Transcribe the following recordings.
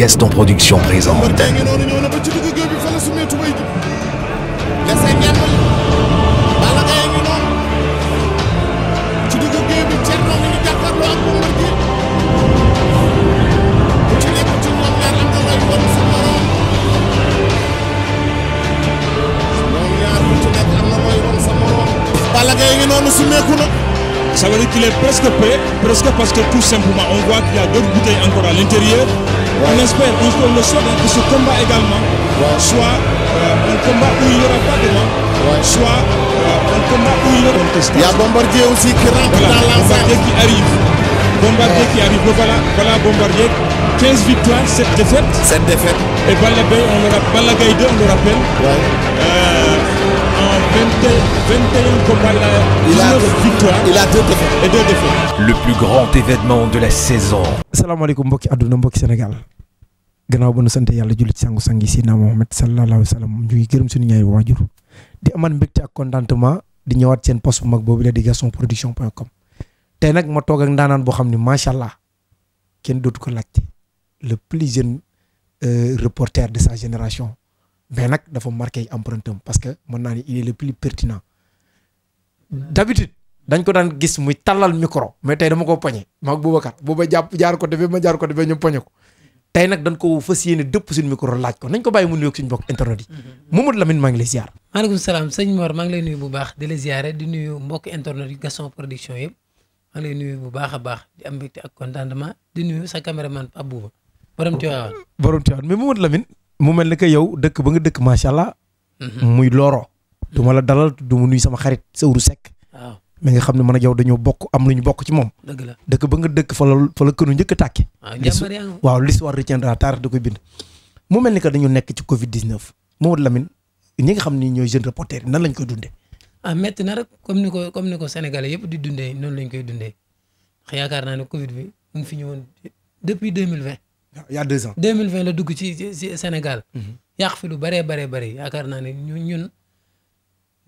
Gaston Production présente. Ça veut dire qu'il est presque prêt, presque parce que tout simplement on voit qu'il y a d'autres bouteilles encore à On espère un jour le soir que ce combat également soit euh, un combat où il n'y aura pas de mort, soit euh, un combat où il y aura contestation. Il y a Bombardier aussi qui rentre voilà, dans l'enceinte. Bombardier qui arrive. Bombardier qui arrive. Voilà, voilà Bombardier. 15 victoires, 7 défaites. 7 défaites. Et Balagaï, on le rappelle. On le rappelle. Ouais. Euh, 21 combats, il a 19 le plus grand événement de la saison. asalaamaaleykum mbokki àdduna mbokki Sénégal gannaaw ba nu sant yàlla jullit sangu sangi Seydina Mohamed sallallahu alayhi wa sallam ñu ngi gërëm suñu ñaari waajur di aman mbégte ak contentement di ñëwaat seen post bu mag boobu la di gastonproduction.com tey nag ma toog ak ndaanaan boo xam ne macha allah kenn dootu ko laajte le plus jeune euh, reporter de sa génération. mais nag dafa marqué empreinte am parce que mën naa ni il est le plus pertinent d'habitude dañ ko daan gis muy tallal micro mais tey dama ko poñe maag Boubacar booba jàpp jaar ko defee ma jaar ko defee ñu poñe ko tey nag dañ ko fas yéene dëpp suñu micro laaj ko nañ ko bàyyi mu nuyoog suñu bokk internet yi mm-hmm. Mamadou Lamine maa lay ziar bu baax di la ziare di nuyu mbokk internet yi Gaston bu baax a baax di am mbégte ak contentement di nuyu sa caméraman Pape Bouba borom Tivaouane borom Tivaouane mais Mamadou Lamine mu mel ni que yow dëkk ba nga dëkk macha allah. Mhm. muy Loro. Mhm. du ma la dalal du ma sama xarit Sëwru Seck. waaw mais nga xam ne man ak yow dañoo bokk am lu ñu bokk ci moom. dëgg la dëkk ba nga dëkk fa la fa la kënu njëkk a tàkki. waaw l'histoire retiendra taarix da koy bind. mu mel ni que dañu nekk ci Covid 19 Mamadou Lamine ñi nga xam ni ñooy jeune reporter yi nan lañ koy dundee. ah na rek comme ni ko comme ni ko Sénégalais yëpp di dundee noonu lañ koy dundee. yaakaar naa ne Covid bi mu ngi fi ñëwoon depuis 2020 il y a deux ans. 2020 la dugg ci ci Sénégal. Mhm. yàq fi lu bëree bëree bëri yaakaar naa ne ñun ñun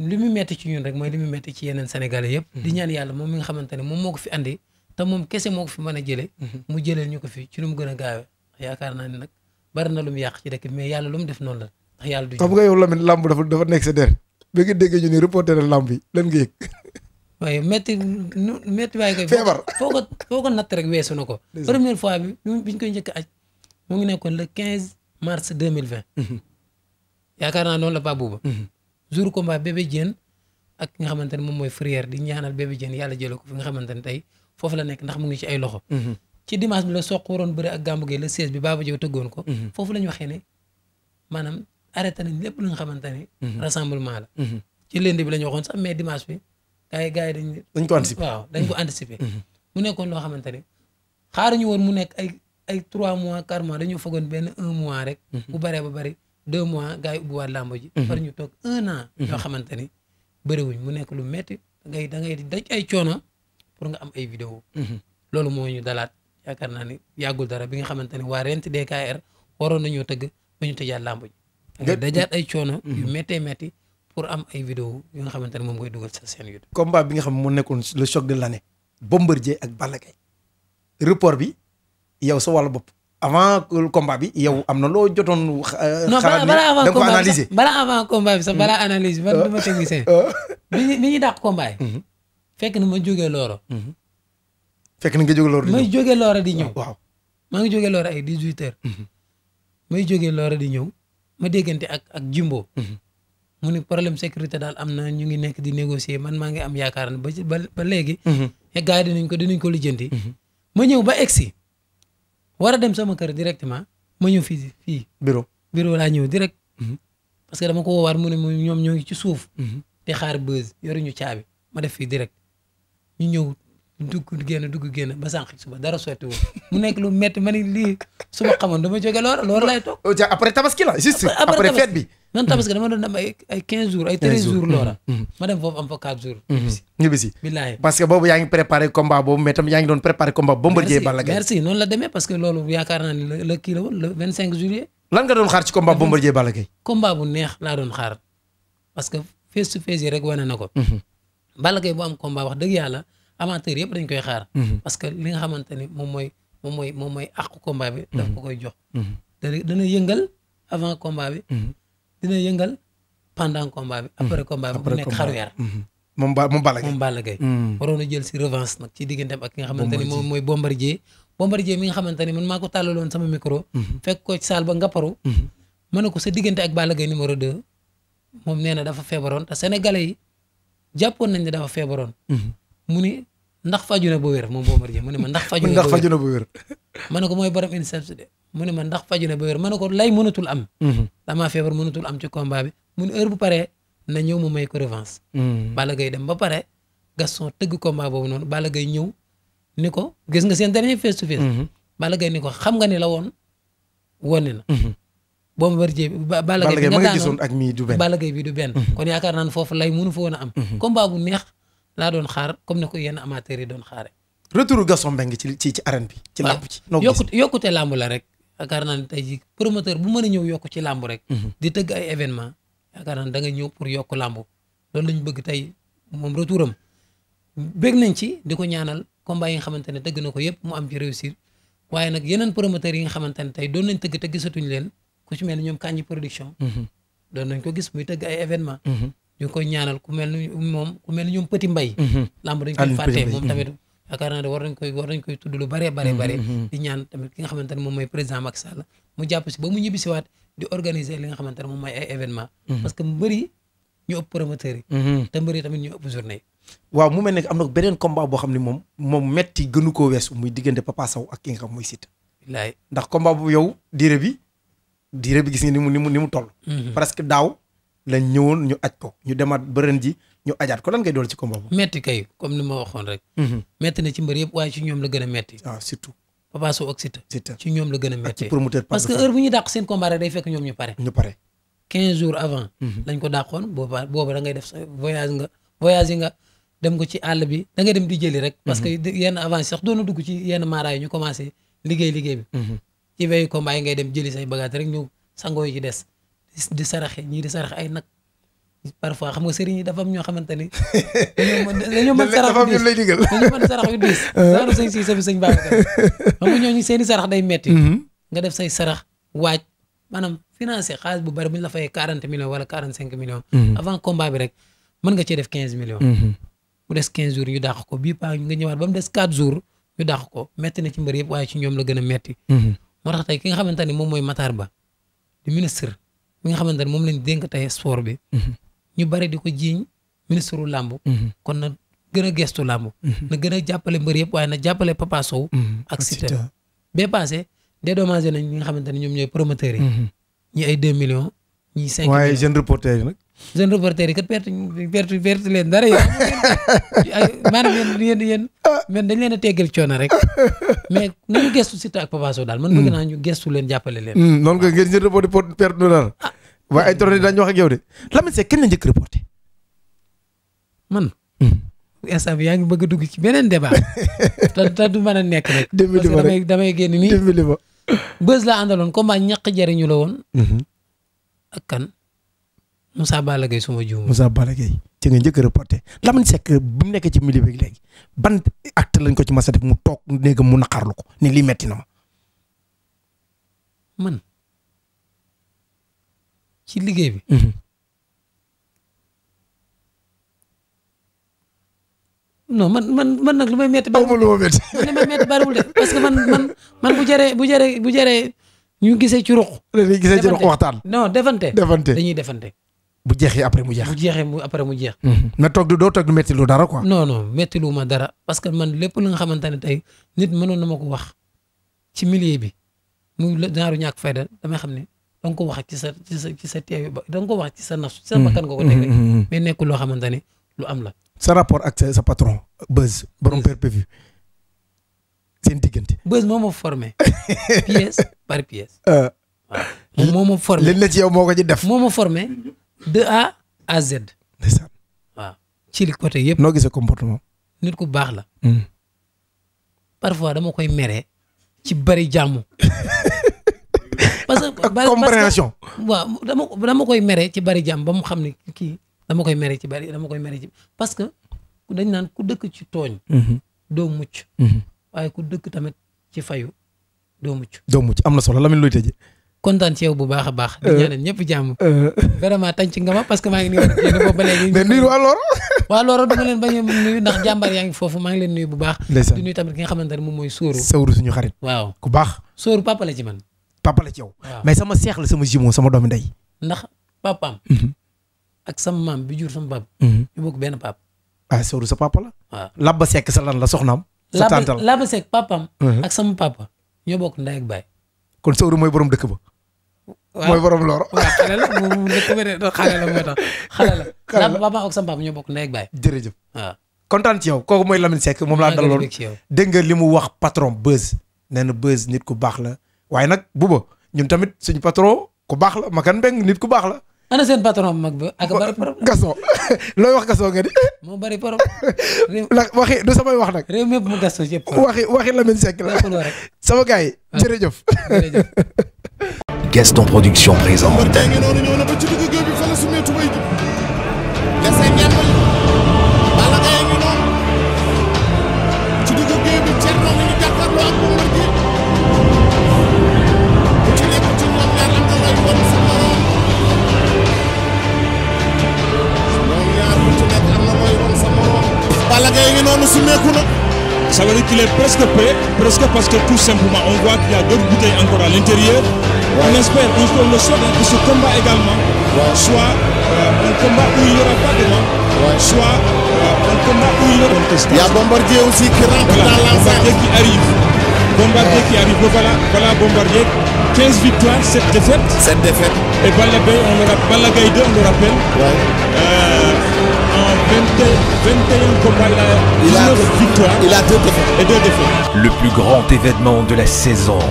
li mu metti ci ñun rek mooy li mu metti ci yeneen Sénégalais yëpp. Mhm. di ñaan yàlla moom mi nga xamante ne moom moo ko fi andi te moom kese moo ko fi mën a jëlee. Mhm. mu jëlee ñu ko fi ci lu mu gën a gaawee yaakaar naa ne nag bari na lu mu yàq ci dëkk bi mais yàlla lu mu def noonu la ndax yàlla du. xam nga yow Lamine lamb dafa dafa nekk der bi nga ñu ne reporté na lamb lan waaye métti métti waaye kay. feebar foo ko foo ko natt rek weesu na ko. première fois bi bi ñu koy njëkk mu ngi nekkoon le quinze mars mhm. yaakaar naa noonu la Pape Bouba. Mhm. jour combat bébé Diène ak nga xamante ne moom mooy Fourrière di ñaanal bébé Diène yàlla jëlee ko fi nga xamante ne tey foofu la nekk ndax mu ngi ci ay loxo. Mhm. ci dimanche bi la soq waroon bëri ak gàmbu gi le seize bi Baba Diaw tëggoon ko. foofu la ñu waxee ne maanaam arrêté nañ lépp nga xamante rassemblement la. ci lundi bi la ñu waxoon gars gars yi dañ dañ ko anticiper waaw dañ ko mm-hmm. anticiper mu nekkoon loo xamante ne xaaruñu woon mu nekk ay ay trois mois quatre mois dañu foogoon benn un mois rek mm-hmm. bu baree ba bari deux mois gars yi ubbiwaat làmb ji mm-hmm. far ñu toog un an yoo xamante ni bëriwuñ mu nekk lu metti ngay da ngay daj ay coono pour nga am ay vidéo loolu moo ñu dalaat yaakaar naa ni yàggul dara bi nga xamante ne waa Rent DKR waroon nañoo tëgg ba ñu tëjaat làmb ji dajaat ay coono yu méttee métti pour am ay vidéo yu nga xamante ne moom ngay dugal sa seen YouTube. combat bi nga xam ne mu nekkoon le choc de l'année. Bombardier ak Balla Gaye report bi yow sa wàllu bopp. avant combat bi yow am na loo jotoon. Euh, xalaat ne da ko analyser avant combat bi sax balaa analyse bi man du ma euh, technicien. bi ñu bi ñu dàq combat yi. Mhm. fekk na ma jógee Looro. Mhm. fekk na nga jógee Looro di ñëw may jógee Looro di ñëw. waaw maa ngi jógee Looro ay 18 heures. Mhm. may jógee di ñëw ma déggante ak ak Jumbo. mu ni problème sécurité daal am na ñu ngi nekk di négocier man maa ngi am yaakaar ne ba ba léegi. Mhm. gars yi dinañ ko dinañ ko lijjanti. Mhm. ma ñëw ba egsi war a dem sama kër directement ma ñëw fii fii. bureau biro laa ñëw direct. Mhm. parce que dama ko war mu ne ñoom ñoo ngi ci suuf. di xaar buzz yoruñu caabi ma def fii direct ñu ñëw dugg génn dugg génn ba sànq suba dara sotti woo mu nekk lu métti ma ni lii su ma xamoon dama jóge loolu loolu lay toog. Euh, après tabaski la juste après fête bi. man tabaski mm-hmm. dama doon am ay ay 15 jours ay 13 jours loola. Mm-hmm. ma dem foofu am fa 4 jours. Mm-hmm. ñibbi si billaahi parce que boobu yaa ngi préparé combat boobu mais tam yaa ngi doon préparé combat Bombardier Balla Gaye. merci noonu la demee parce que loolu yaakaar naa ni la kii la woon le 25 juillet. lan nga doon xaar ci combat Bombardier Balla Gaye. combat bu neex laa doon xaar parce que face to face yi rek wane na ko. Balla Gaye bu am combat wax dëgg yàlla. amateur yëpp dañ koy xaar. Mhm. parce que li nga xamante ni moom mooy moom mooy moom mooy àqu combat bi. Mhm. daf ko koy jox. Mhm. dana yëngal avant combat bi. dina yëngal pendant combat bi. après combat bi bu nekk xaru yar. moom Ba moom Balla Gaye moom Balla Gaye. jël si revanche nag ci digganteem ak ki nga xamante ni moom mooy Bombardier. Bombardier mi nga xamante ni man maa ko tàllaloon sama micro. fekk ko ci saal ba ngapparu. ma ne ko sa diggante ak Balla Gaye numéro 2. moom nee na dafa feebaroon te sénégalais yi jàppoon nañ ne dafa feebaroon. mu ndax faju na ba wér moom Bombardier mu ne ma ndax faju na ba wér ndax faju na ba wér ma ne ko mooy borom INSEPS de mu ne ma ndax faju na ba wér ma ko lay mënatul am mhm. damaa feebar mënatul am ci combat bi mu ne bu paree na ñëw mu may ko revanche mhm. Balla Gaye dem ba pare Gaston tëgg combat boobu noonu Balla Gaye ñëw ni ko gis nga seen dernier face to face mhm. Balla ko xam nga ni la woon wonni na Bombardier Balla Gaye bi nga daanoon Balla Gaye bi du benn kon yaakaar naan foofu lay mënu fa a am combat bu neex laa doon xaar comme ni ko yenn amateurs yi doon xaare retour Gaston Mbengue ci ci ci arène bi. ci làmb yokkute yokkute làmb la rek. yaakaar naa ne tey jii promoteur bu mën a ñëw yokk ci làmb rek. Mhm. di tëgg ay événement yaakaar naa ne da nga ñëw pour yokk làmb loolu lañu bëgg tey moom retour am bëgg nañ ci di ko ñaanal combat yi nga xamante ne tëgg na ko yëpp mu am ci réussir waaye nag yeneen promoteurs yi nga xamante ne tey doon nañ tëgg te gisatuñ leen ku ci mel ne ñoom Kandji production. Mhm. doon nañ ko gis muy tëgg ay ñu ngi koy ñaanal ku mel ni moom ku mel ni ñoom Petit Mbaye mhm. lamb dañ koy fàtte mhm. lu bare bare mhm, bare di ñaan tamit ki nga moom mooy président Macky Sall mu jàpp si ba mu ñibbi si waat di organiser li nga xamante ne moom mooy ay événement parce que mbëri ñu ëpp promoteurs yi tamit ñu ëpp journée waaw mu mel ne am na beneen combat boo xam ni moom moom metti gënu koo weesu muy diggante Papa Sow ak ki nga xam mooy Siteu ndax combat bu yow diire bi diire bi gis nga ni mu ni mu mu toll presque daaw lañ ñëwoon ñu aj ko ñu demaat ba ji ñu ajaat ko lan ngay dool ci combat metti kay comme ni ma waxoon rek. Mhm. metti na ci mbër yëpp waaye ci ñoom la gën a metti. Ah, a pare. ñu jours avant. Mhm. lañ ko dàqoon booba booba def sa voyage nga nga dem ko ci àll bi da dem di jëli rek. parce mhm. que yenn avance sax doon dugg ci yenn maaraay ñu commencé liggéey liggéey bi. ci wéyu combat dem jëli say bagage ñu sangoo ci des di saraxe ñii sarax ay nag parfois xam nga sëriñ yi dafa am ñoo xamante ni dañoo mën sarax yu diis dañoo mën sarax yu diis saaru sëñ si sabi sëñ Babacar xam nga ñooñu seeni sarax day metti mm-hmm. nga def say sarax waaj maanaam financé xaalis bu bari bu ñu la fayee quarante millions wala quarante cinq millions mm-hmm. avant combat bi rek mën nga cee def quinze millions mm-hmm. mu des quinze jours ñu dàq ko bii paa nga ñëwaat ba mu des quatre jours ñu dàq ko metti na ci mbër yëpp waaye ci ñoom la gën a metti moo ki nga xamante ni moom mooy Matar Ba di mi nga xamante ne moom lañ dénk tey sport bi. Mhm. ñu bari di ko jiiñ ministre wu làmb. Mhm. kon na gën a gestu làmb. Mhm. na gën a jàppale mbër yëpp waaye na jàppale Papa Sow. ak Siteu bee passé dédommagé nañ ñi nga xamante ñooy promoteurs yi. ñi ay 2 millions. ñi 5 millions jeune reporter yi kat perte perte perte leen dara yow maanaam yéen yéen yéen man dañ leen a teggal coono rek mais nañu gestu Siteu ak Papa Sow daal man bëgg naa ñu gestu leen jàppale leen hmm, noonu nga ngeen jël reporter perte nu dara ah. waaye ay tournée dañu wax ak yow de Lamine Seck hmm. yaa ngi bëgg a dugg ci beneen débat te ta du mën nekk nag parce que damay damay génn nii dimbali ma bës la àndaloon combat ñaq jariñu la woon hmm. Moussa Balla Gaye suma ma juum. Moussa Balla Gaye ci nga njëkk a reporté Lamine Seck nekk ci milieu bi léegi ban acte lañ ko ci mës a def mu toog néegam mu naqarlu ko ni lii metti na ma. man ci liggéey bi. Mhm. non man man man nag lu may metti. bariwul ma metti man li de parce que man man man bu jëree bu jëree bu jëree ñu gisee ci ruq. dañuy gisee ci ruq waxtaan. non defante defante dañuy defante. bu jeexee après mu jeex. bu jeexee mu après mu jeex. na mm-hmm. toog du doo togg du métti lu dara quoi. non non métti lu ma dara parce que man lépp lu nga xamante ne tey nit mënoon na ma ko wax ci millier bi mu naaru ñàkk fayda damay xam ne da nga ko wax ci sa ci sa ci sa teew ba da ko wax ci sa naf. ci sa mm-hmm. bakkan nga ko teg rek. Mm-hmm. mais nekkul loo xamante ne lu am la. sa rapport ak sa patron. Buzz borom perpévu seen diggante. Buzz moo ma formé pièce par pièce. Euh. waaw moom moo ma formé. moo ko ci def. moo ma formé. de A à Z. ci li côté yëpp. noo gisee comportement. nit ku baax la. Hmm. fois dama koy mere ci bari jàmm. parce que ak compréhension. waaw dama dama koy meree ci bari jàmm ba mu xam ne kii dama koy mere ci bari dama koy mere ci parce que dañ naan ku dëkk ci tooñ. Hmm. doo mucc. Hmm. waaye ku dëkk tamit ci fayu doo mucc. doo mucc am na solo Lamine looy tëjee. kontaan ci yow bu baax a baax. di euh, ñaanal ñëpp jàmm. Euh, vraiment ci nga ma parce que maa ngi nii yéen boobu waa Loro. waa Loro du ma leen bañ a nuyu ndax jàmbaar yaa ngi foofu maa ngi leen nuyu bu baax. ndeysaan di tamit ki nga xamante ne moom mooy sóoru. sóoru suñu xarit. waaw ku baax. sóoru papa man. papa la sama seex sama jumeau sama doomi ndey. ndax papaam. Mhm. ak sama maam bi jur sama pap mhm. ñu bokk benn pap ah sóoru sa papa la. waaw Labba sekk sa lan la soxnaam. sa tàntal Labba Seck papaam. Mhm. ak sama papa ñoo bokk ndey baay kon sooru mooy borom dëkk ba mooy borom lor waaw xale la moom xale la moo tax xale bokk ndey ak baay. jërëjëf waaw. kontaan yow kooku mooy Lamine Seck moom laa daloon dégg nga li mu wax patron Beuz nee na Beuz nit ku baax la waaye nag buba ñun tamit suñ patron ku baax la Makan Mbeng nit ku baax la. ana seen patron mag ba ak bari problème. Gaston looy wax Gaston nga di. moo bari problème. waxi du samay wax nag. réew mi yëpp mu Gaston ci waxi waxi Lamine Seck la. sama gars yi jërëjëf. jërëjëf. Gaston Production présente. qu'il est presque prêt, presque parce que tout simplement on voit qu'il y a d'autres bouteilles encore à l'intérieur. Ouais. On espère, on le souhaite que ce combat également ouais. soit euh, un combat où il n'y aura pas de mort, ouais. soit euh, un combat où il y aura contestation. Il y a Bombardier aussi qui rentre voilà, dans Bombardier qui arrive. Bombardier qui arrive, voilà, voilà Bombardier. 15 victoires, 7 défaites. 7 défaites. Et Balabé, on le rappelle, Balagaïde, on le rappelle. 21 combats, il